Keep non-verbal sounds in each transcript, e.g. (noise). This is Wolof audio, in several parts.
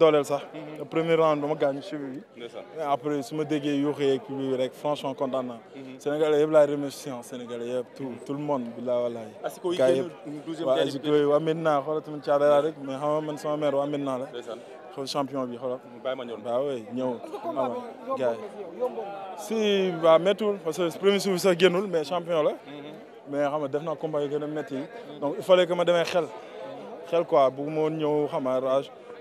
dolel sax. le premier round ba ma gaañu cheville bi. mais après suma ma déggee yuuxu yeeg bi rek franchement kontaan naa. Sénégalais yëpp laay remercier ah, Sénégalais yëpp tout tout le monde bi laa walaay. gars yëpp waaw asiko yi waa Medina xoolal tamit caada laa rek mais xama man sama mère waa Medina la. xool champion bi xoolal. bay ma ñor waaw oui ñëw ama bah gars yi. si waaw bah, méttiwul parce que premier suuf sax génnul mais champion la. Mhm. mais xama nga def naa combat yu gëna metti donc il fallait que ma demee xel. xel quoi bu mo ñew xama rage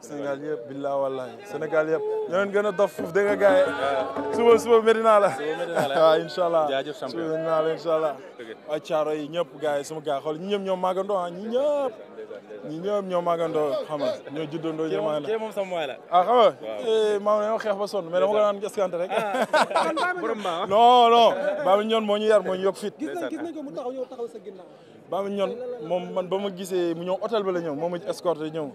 Sénégal yëpp billaa wallahi Sénégal yëpp ñoo gën a dof fuuf dégg nga gars yi suba suba Medina la (laughs) waaw yi ñëpp gars yi sama gars xool ñi ñoo màggandoo ah ñi ñëpp ñoo màggandoo xam ñoo juddandoo ñoo màggandoo moom sama waay la ah xam nga maam ne ma xeex ba sonn mais dama rek ah. non non Bami ñoon moo ñu yar moo ñu fit Bami ñoon moom man ba ma gisee mu ñëw hôtel ba la ñëw moom ma escorté ñëw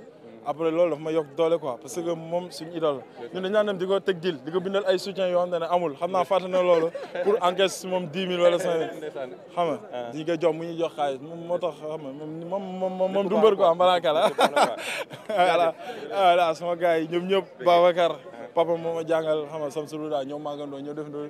après loolu daf ma yokk doole ko parce que moom suñu idole la ñun dañu naan dem di ko teg dil di ko bindal ay soutien yoo xam ne amul xam naa fàtte na loolu pour encaisse si moom mille wala cinq mille nga di koy jox mu ñuy jox xaalis moom moo tax xam nga moom moom moom du mbër quoi mbalaka la (laughs) voilà voilà sama gars yi ñoom ñëpp Babacar papa moo ma jàngal xam nga Samsoulou daa ñoom maagandoo ñoo def ndoo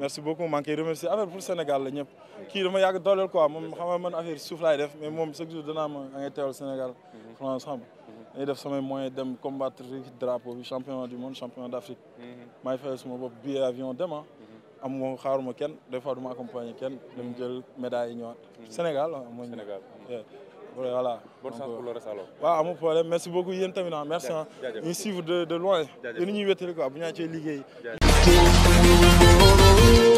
merci beaucoup maa ngi koy remercier affaire pour Sénégal la ñep kii dama yag dooleel quoi mom xam nga man affaire suuf def mais mom chaque jour dana ma da ngay teewal Sénégal France xam ngay def sama moyen dem combattre drapeau bi champion du monde champion d'Afrique maa ngi sama suma bopp billet avion dema ah. am moo xaruma ken des fois du ma accompagner kenn dem jël médaille yi Sénégal ah, moo Sénégal ah. voilà bonne chance pour le reste alors waaw amul problème merci beaucoup yéen tamit ah merci ah ñu suivre de de loin yéen ñuy wéttali quoi bu ñaa cee liggéey Thank you.